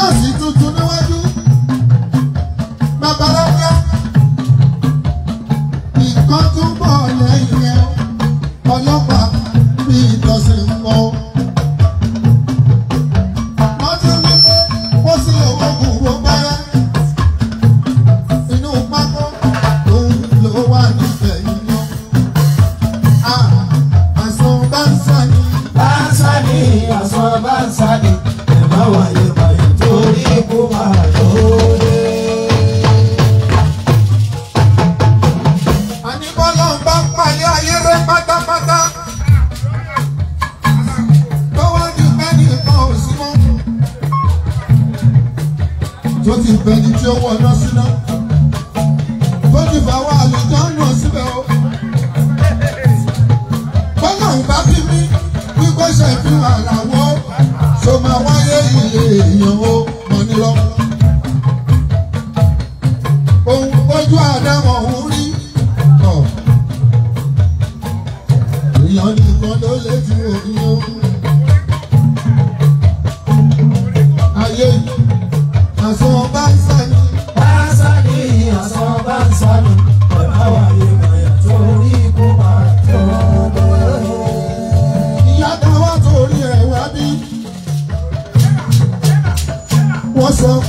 gíláàsì tuntun ní wípé ṣẹ̀fí àràwọ̀ tó máa wáyé ilé èèyàn ó mọ̀ ní lọ. ohun ojú àdámọ̀ ń rí ọ̀ èèyàn nìkan ló lè ju òun ó. ayé àsán.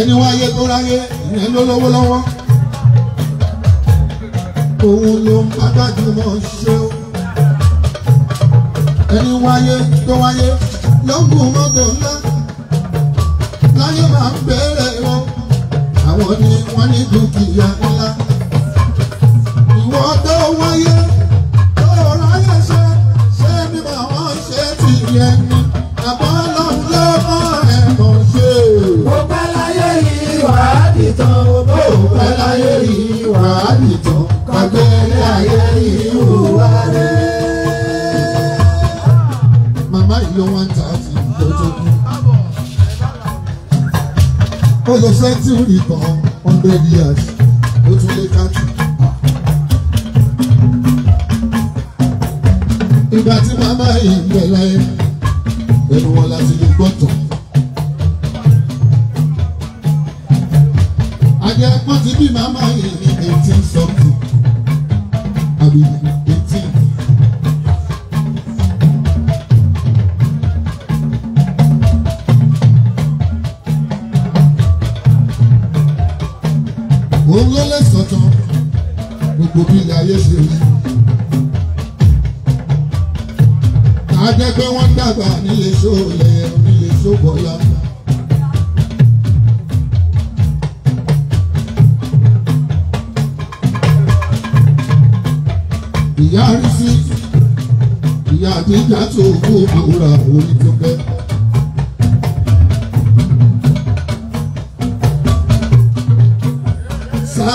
ẹni wáyé tó ráyé ìyẹn ló lówó lọ́wọ́ òun ló ń bá gbajúmọ̀ ṣe o ẹni wáyé tó wáyé ló ń gùn mọ́tò ńlá láyé máa ń bẹ̀rẹ̀ wọn àwọn ni wọ́n ní dúkìá ńlá ìwọ tó wáyé tó ráyé ṣe ṣé bí màá ṣe ti yẹ ni. tán o bó o pẹ́ láyé yìí wàá dìtàn kágbélé ayé yìí wúwa rẹ̀. màmá yìí ló wá ń ta fi lójókòó. ó lọ sẹ́ńtúrì kan hundred years ó tún lé káàtì. ìgbà tí màmá yìí ń bẹ̀ ẹnu wọn láti lè gbọ́tàn. ti bí màmá yìí ẹ̀ ti sọ̀kù.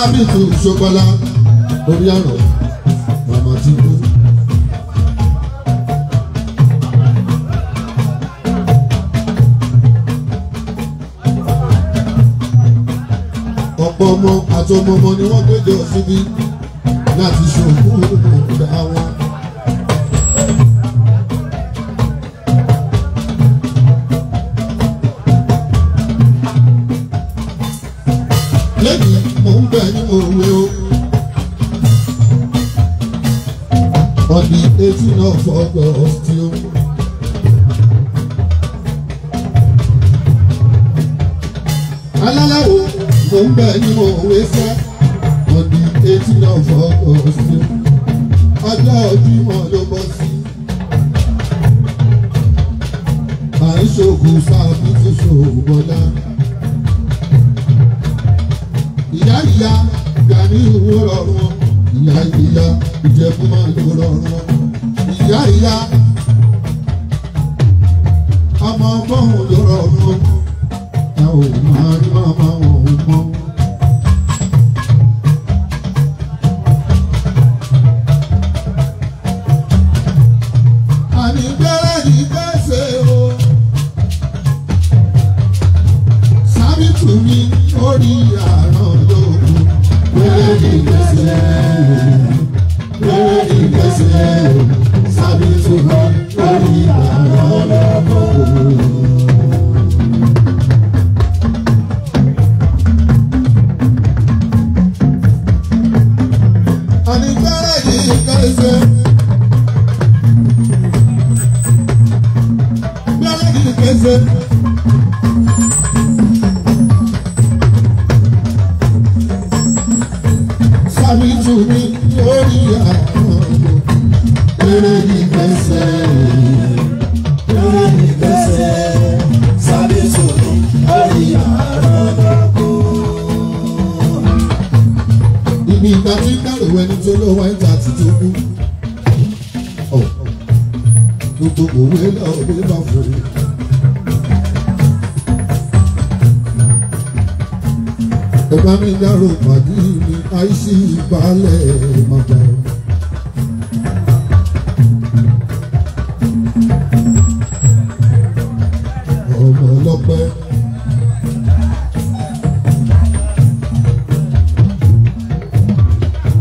Sábìtù Ṣọkọlá lórí ọ̀rọ̀ màmá ti kú. ọ̀pọ̀ ọmọ àti ọmọ ọmọ ni wọ́n gbé jọ síbi láti ṣòkú òkúta àwọn. ẹni mo wé on the eighteen of August ọjọ́ Jímọ̀ ló bọ́ sí. à ń ṣògùn sáàbù tún ṣògùn bọ́lá. ìyá ìyá Gani ló rọrùn ìyá ìyá Ìjẹ̀bú máa ló rọrùn ìyá ìyá ọmọ ọgbọ́n ló rọrùn ẹ ò máa rí màmá wọn. Yes, sir.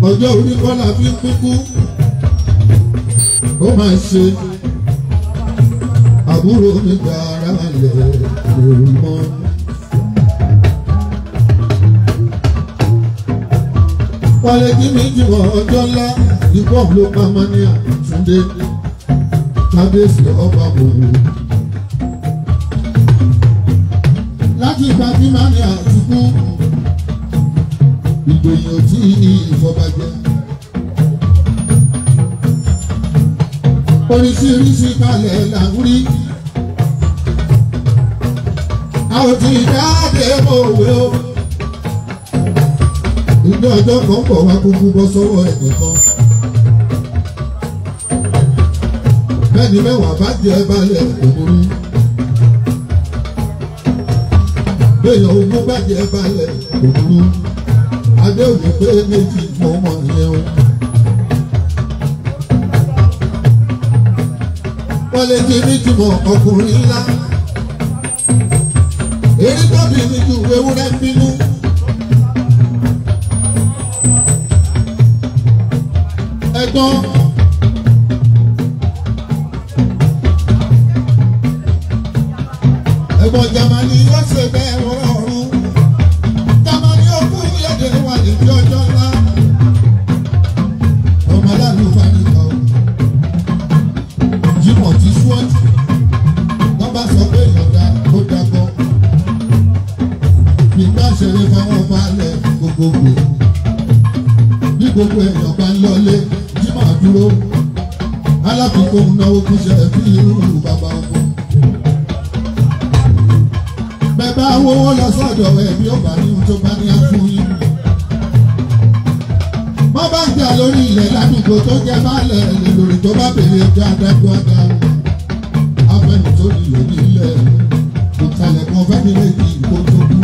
ọjọ́ orí kọ́lá fi ń kúkú ó máa ṣe àbúrò mi dára lẹ̀ lórí mọ́. Wálé kí mi jùmọ̀ ọjọ́ ńlá ìbọ̀ ló pa mọ́ ní àtúndé kábíyèsí ọba òun. Láti ìgbà bí màá ní àtúkú gbogbo èèyàn tí ìfọbàjẹ́. oríṣiríṣi kalẹ̀ là ń rí. a ò ti jáde òwe o. ìjọ ọjọ́ kan bọ̀ wá kúkú bọ́ sọ́wọ́ ẹnìkan. bẹ́ẹ̀ni mẹ́wàá bá jẹ́ balẹ̀ òwúrú. bẹ́ẹ̀ ogún bá jẹ́ balẹ̀ òwúrú adé òní pé méjì mo mọ̀ yẹn o. wọ́n lè ti ní jùmọ̀ ọkùnrin ńlá èyí tó bì ní ju ewúrẹ́ bínú. ẹ̀gbọ́n. ẹ̀gbọ́n jamani yóò ṣe bẹ́ẹ̀ wọ́n. gbogbo bí gbogbo èèyàn bá ń lọlé tí màá dúró alákòókò ń náwó kí ṣe fi irú bàbá ọkọ. bẹ́ẹ̀ bá wọ́wọ́ lọ sọ́dọ̀ ẹ̀mí ò bá ní ohun tó bá ní afún yín. má bá ń jà lórí ilẹ̀ ládùúgbò tó jẹ́ báàlẹ̀ lè lórí tó bá bèrè ẹjọ́ adágún ọ̀gá afẹ́nu tó nílò nílẹ̀ kò kalẹ̀ kan fẹ́ nílé kí ìkó tó kú.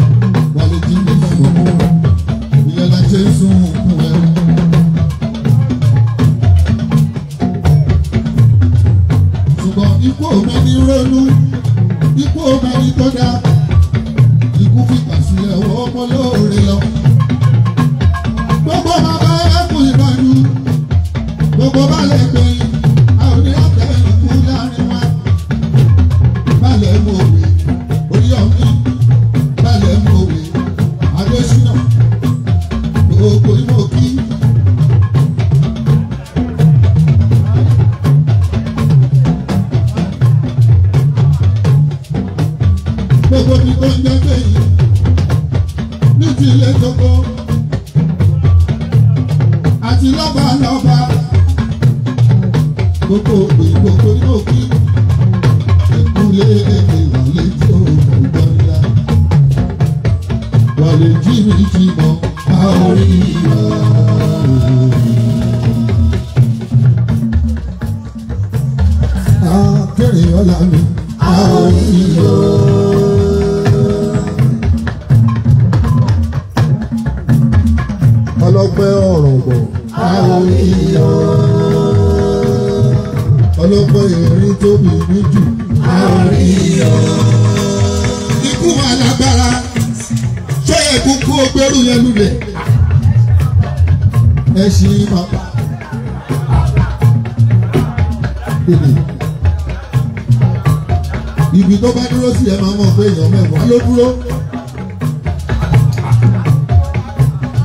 Jésù kú ẹrú. ṣùgbọ́n ikú ọmọ ní ronú ikú ọmọ ní tó dáa ikú fìkà sílẹ̀ ọmọ lóore lọ. gbogbo bàbá ẹkùn ìbàdàn gbogbo bàlẹ̀ gbẹ̀yìn. ọlọ́pọ̀ ìròyìn tó bì í jù. àríyọ. ikú wa lágbára ṣé ẹkún kú ogbérù yẹn lulẹ̀ ẹ ṣì bàbá. ibi tó bá dúró sí ẹ máa mọ̀ pé èèyàn mẹ́wàá ló dúró.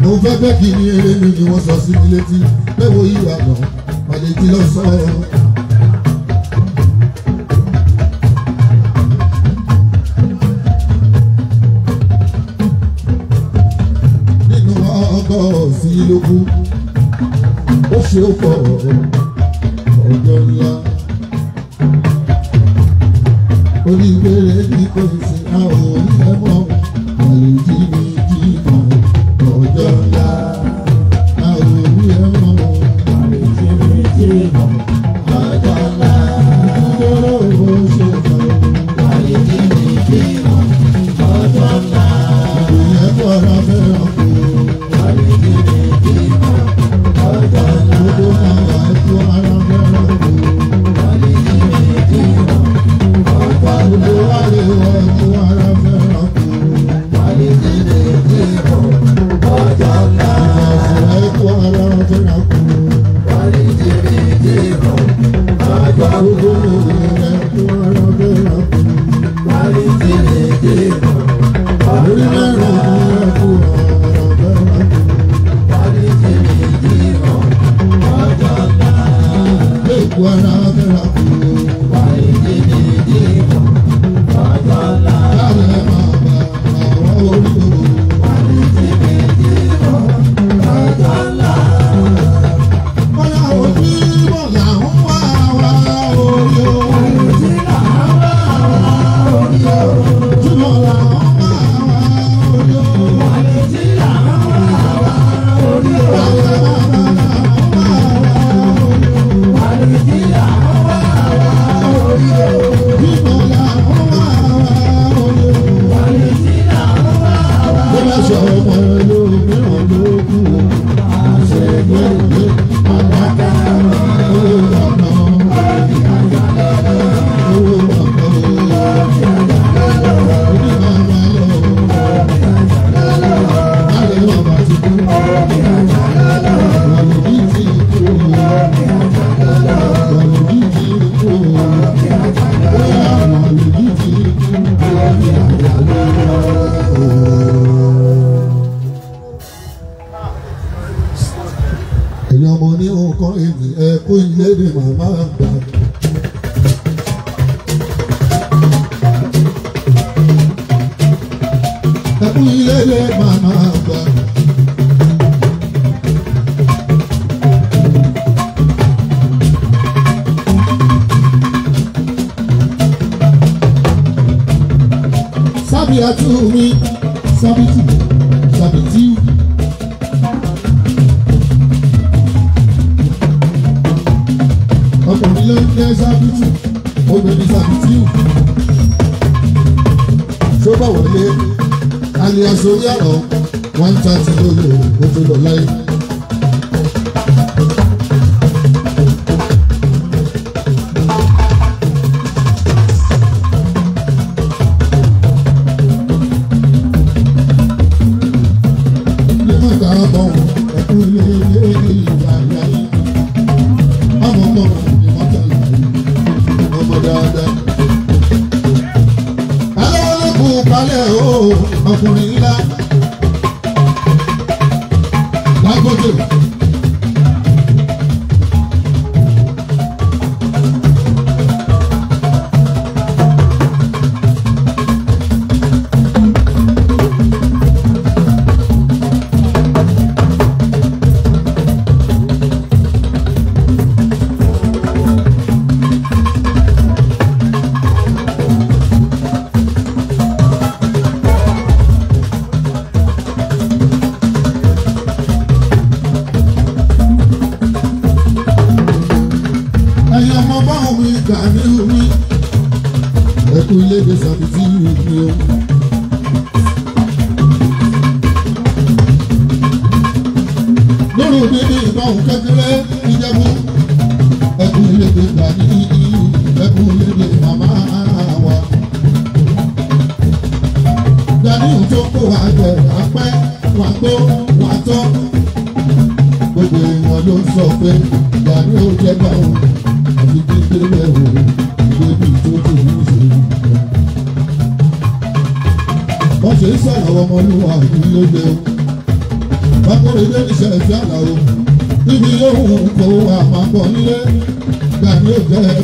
mo fẹ́ bẹ́ẹ̀ kí ni eré mi ni wọ́n sọ sí mi létí bẹ́ẹ̀ wo ìwà náà pàdé kí lọ sọ Filho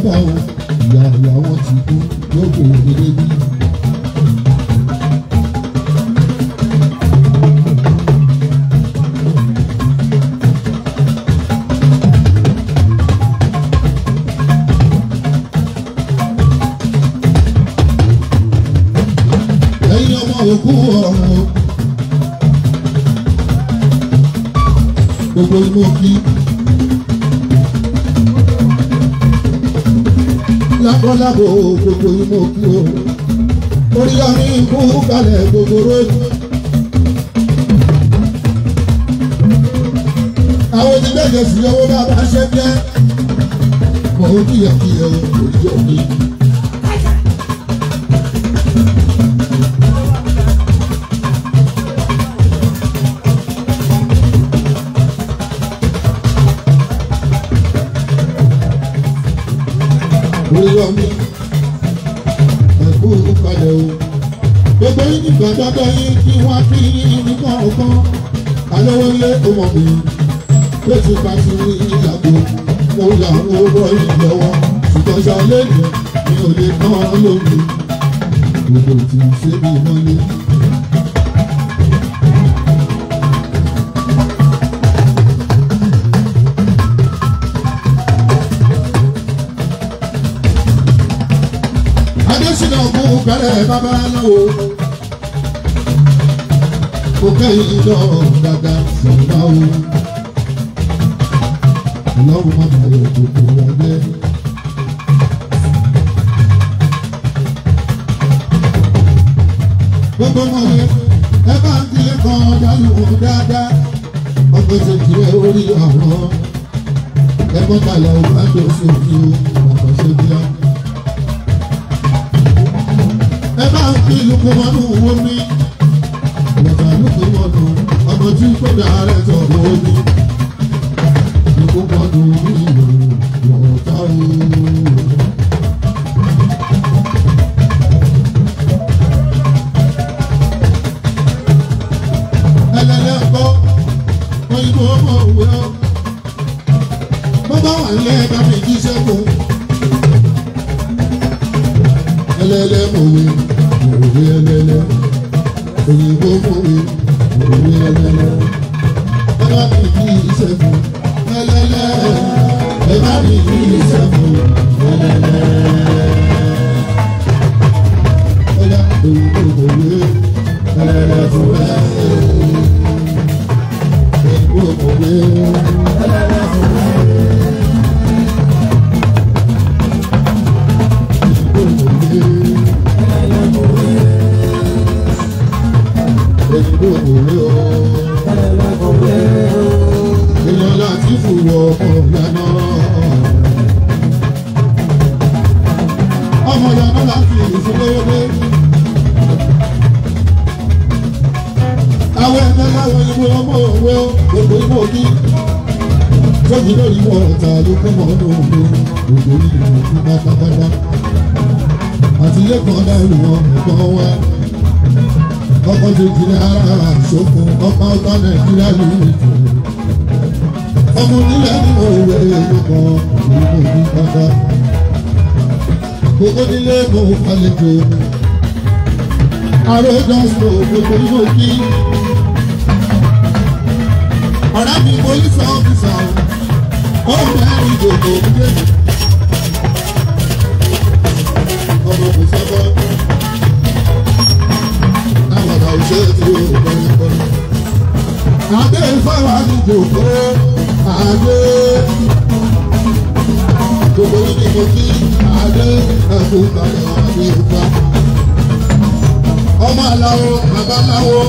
dá o ìyá ìyá wọn ti kú lóko òdòdó bí. ẹ̀yin ọmọ òkú ọ̀run o gbogbo inú kí. lábọ́lábọ́ gbogbo imú kú o orí ọmí ikú balẹ̀ gbogbo róòdù. àwọn ti gbẹ̀jẹ̀ sí owó bàbá ṣẹ́ jẹ́ mọ̀ ó kìyàkìyà orí ọmí ikú. Olúyọmí ẹ̀kú kalẹ̀ o. Gbogbo yín nígbà dọ́dọ̀ yín kí wọ́n fi yín ní kọ̀ọ̀kan. Alówó lé ọmọ mi lóṣù pàṣẹ ní ìyàgò. Mo là ń wọ́rọ̀ yìí lọ́wọ́ ṣùgbọ́n ṣàlẹ́ yẹn mi ò lè kán lómi. Gbogbo tí ń ṣe mí mọ́lé. kẹ́rẹ́ bàbá náwó mo kẹ́yìn lọ dada sọ̀rọ̀ o ọlọ́run má bàa yọ gbogbo wọn lẹ́. gbogbo wọn lẹ ẹ bá ń tilẹ̀ kan dánú dáadáa ọgbẹ́sẹ̀ tirẹ̀ orí àwọn ẹgbọ́n balẹ̀ ọgbà tó sọ̀rọ̀. ẹ bá ń fi ìlú kún wọnú owó mi bàtà ìlú kún wọnú ọmọ tí kò dá rẹ tọ̀ owó mi ìlú kún wọnú ìlú lọ́tà òun. òyìnbó ọmọ òwe ọ bó bá wà nílé ẹgbẹ́ méjì sẹ́kù ẹlẹ́lẹ́ mọ̀wé òwe ẹlẹlẹ òyìnbó fún mi òwe ẹlẹlẹ ẹ bá mi ní ìṣẹ́gun ẹlẹlẹ ẹ bá mi ní ìṣẹ́gun. ọmọ nílẹ̀ ní òwe ìlúkọ ìlú ní pápá gbogbo nílé mo àlejò arójọsọ gbogbo ní òkí ọ̀rẹ́ mi polisi ọ́fíìsà ó rẹ̀ ìjòkó nílé adé fáwọn àdúgbò tó adé gbogbo yìí ni mo kí adé ẹkún balẹ̀ adé ìgbà ọmọ aláwo bàbá aláwo.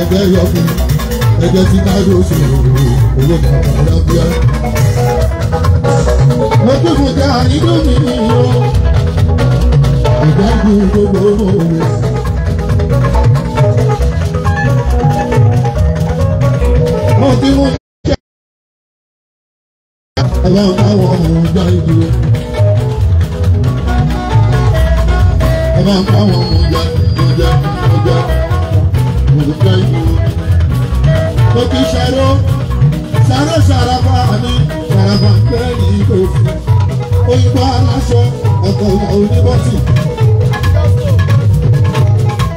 ẹgbẹ́ yọ fún ẹgbẹ́ tí káàdì oṣù owó kan kan lábíyá. mo kún fún tẹ àyínú mi o ìdágùn gbogbo òwe. mo ti mú ṣe ẹ̀rọ táwọn ọmọ ọjà ìdúró ẹ̀rọ táwọn ọmọ ọjà ìdúró ìfẹ́ ìlú. Mo kì í ṣàró,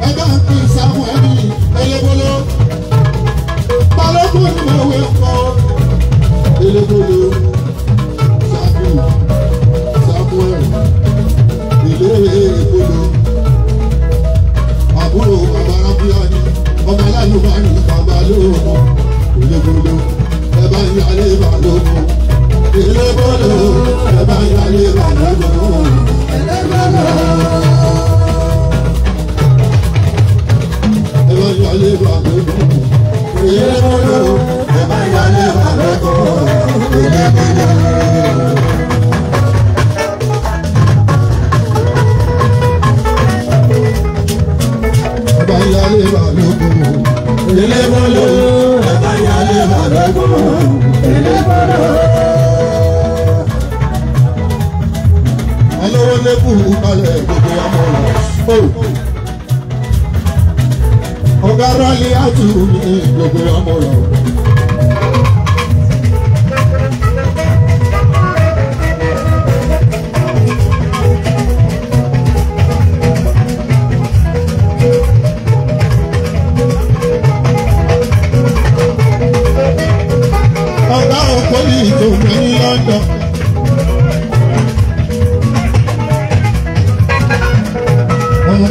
Ẹ bá ń kí kú kalẹ̀ gbogbo amọ̀ràn. ọ̀gá rálẹ̀ àtúnú ní gbogbo amọ̀ràn.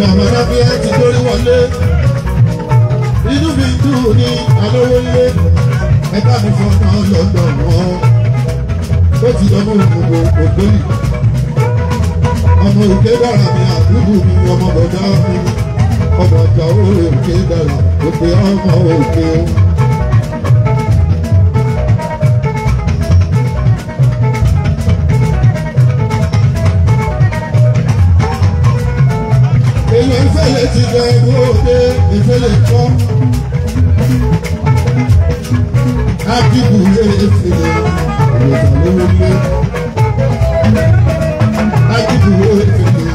màmá rábíà ti dórí wọlé inú mi dùn ní alówó ilé ẹ bá mi fọkàn lọ́dọ̀ wọn ó ti dánwó gbogbo ògbólì ọmọ òkè dára mi àdúgbò mi ọmọ bọ̀dá mi ọmọ ọjà òkè dára òkè ọmọ òkè o. ti bẹ gbóde ìfẹ́lẹ̀ kọ́. Ábíbù lè fìlẹ̀ ìwòsàn lówó lé. Ábíbù lè fìlẹ̀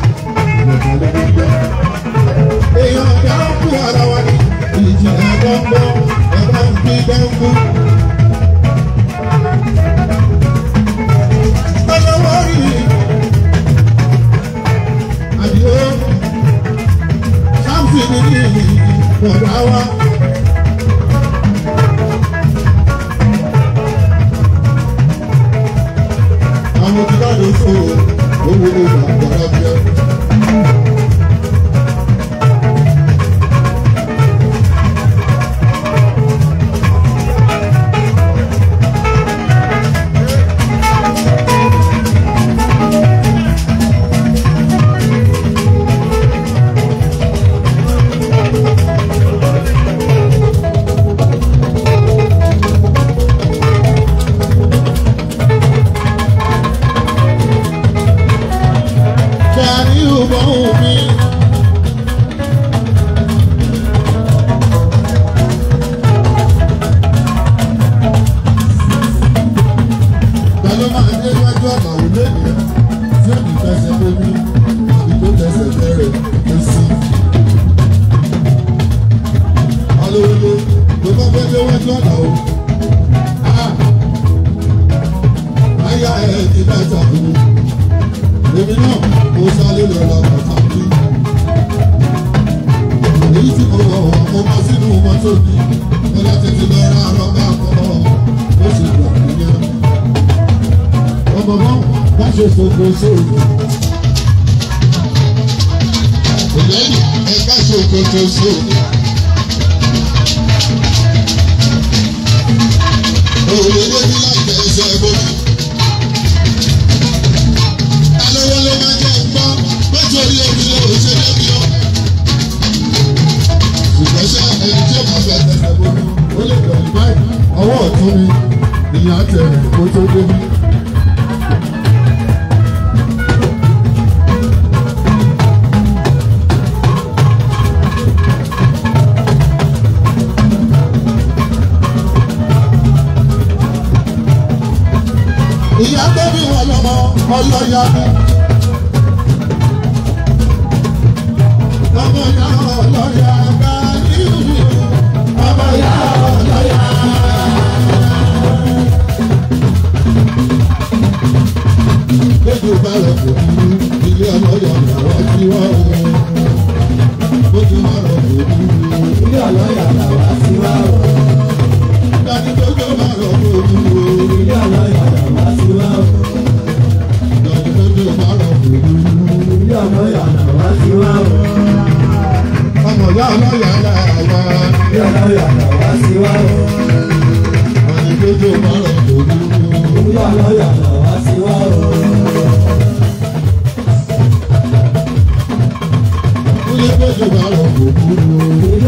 ìwòsàn lówó lé. Èèyàn dáhùn ara wa ní ìjìnlẹ̀ gbọ́ngbọ́n ẹ̀rọ ń bí gbọ́ngbọ́n. bọ̀dá wa. ṣoṣo. Olè. ìyá tó bí wọn lọ́mọ ọlọ́yà ni. ọmọ ìyá ọlọ́yà bá nínú ọmọ ìyá ọlọ́yà. lójú balẹ̀ kò ní ilé ọlọ́yà làwọn tí wọ́n wọ. lójú balẹ̀ kò ní ilé ọlọ́yà làwọn tí wọ́n wọ dání lójó máa rọ̀ lójú o. Ìyá wa yàrá wá sí wa o. Dání lójó máa rọ̀ lójú. Ìyá wa yàrá wá sí wa o. Ọmọ ìyá wa yàrá wa. Ìyá wa yàrá wá sí wa o. Dání lójó máa rọ̀ lójú. Ìyá wa yàrá wá sí wa o. Dání lójó máa rọ̀ lójú.